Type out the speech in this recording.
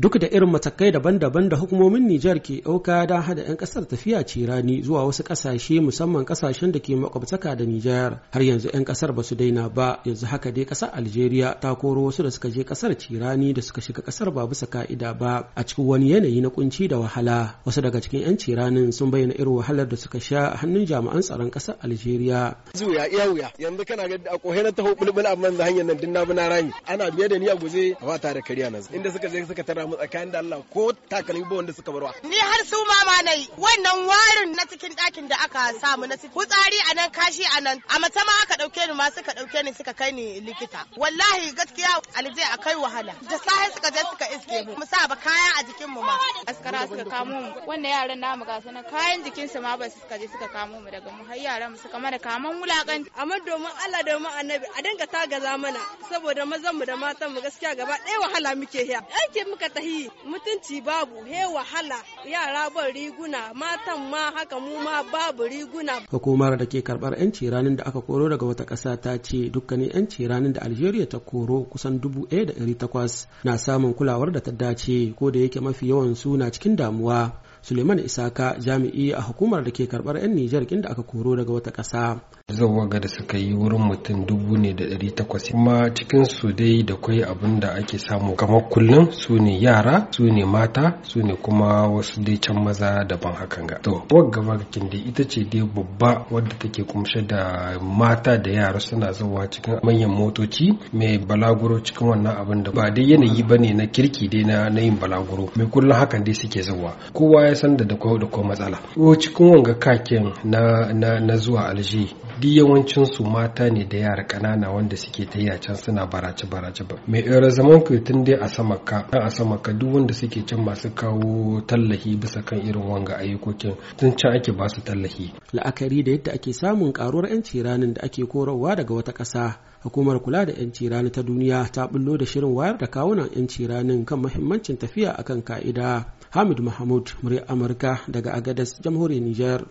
duk da irin matakai daban-daban da hukumomin Nijar ke ɗauka da hada 'yan ƙasar tafiya cirani zuwa wasu ƙasashe musamman ƙasashen da ke makwabtaka da Nijar har yanzu 'yan ƙasar ba su daina ba yanzu haka dai ƙasar Algeria ta koro wasu da suka je ƙasar cirani da suka shiga ƙasar ba bisa ka'ida ba a cikin wani yanayi na kunci da wahala wasu daga cikin 'yan ciranin sun bayyana irin wahalar da suka sha a hannun jami'an tsaron ƙasar Algeria. Zuya iya wuya yanzu kana ga a kohe na taho bulbul amma hanyar nan din na rami ana biye da ni a guje ba tare da kariya inda suka je suka tara samu tsakanin da Allah ko takalmi ba wanda suka barwa. Ni har su mama na yi wannan warin na cikin ɗakin da aka samu na cikin. Kutsari a nan kashi a nan a mace ma aka ɗauke ni ma suka ɗauke ni suka kai ni likita. Wallahi gaskiya alije a kai wahala da sahi suka je suka iske mu mu sa ba kaya a jikin mu ma. Askara suka kamo mu wannan yaran namu ga na kayan jikin su ma ba suka je suka kamo mu daga mu har yaran mu suka mana kaman wulakan. Amma domin Allah domin annabi a dinga tagaza mana saboda mazan mu da matan mu gaskiya gaba ɗaya wahala muke hiya. Aikin muka ta mutunci babu he wahala yara ban riguna matan ma haka mu ma babu riguna. Hukumar da ke karbar 'yanci ranin da aka koro daga wata ƙasa ta ce dukkanin 'yanci ranar da Algeria ta koro kusan dubu ɗaya da ɗari takwas na samun kulawar da ta dace ko da yake mafi yawan su na cikin damuwa. Suleiman Isaka jami'i a hukumar da ke karbar 'yan Nijar kin da aka koro daga wata ƙasa. zawaga da suka yi wurin mutum dubu ne da ɗari takwas kuma cikin su dai da kwai abin da ake samu kamar kullum su ne yara su ne mata su ne kuma wasu dai can maza daban hakan ga to gaba kin dai ita ce dai babba wadda take kumshe da mata da yara suna zawa cikin manyan motoci mai balaguro cikin wannan abin da ba dai yanayi ba ne na kirki dai na yin balaguro mai kullum hakan dai suke zawa kowa ya san da da kwai da matsala ko cikin wanga kakin na na zuwa alji duk yawancin su mata ne da yara kanana wanda suke ta yi a can suna barace barace ba mai ɗora zaman ku tun dai a sama ka a sama duk wanda suke can masu kawo tallahi bisa kan irin wanga ayyukokin tun can ake ba su tallahi la'akari da yadda ake samun karuwar yanci ranin da ake korowa daga wata ƙasa hukumar kula da yanci rani ta duniya ta bullo da shirin wayar da kawunan yanci ranin kan mahimmancin tafiya akan ka'ida hamid mahmud murya amurka daga agadas jamhuriyar niger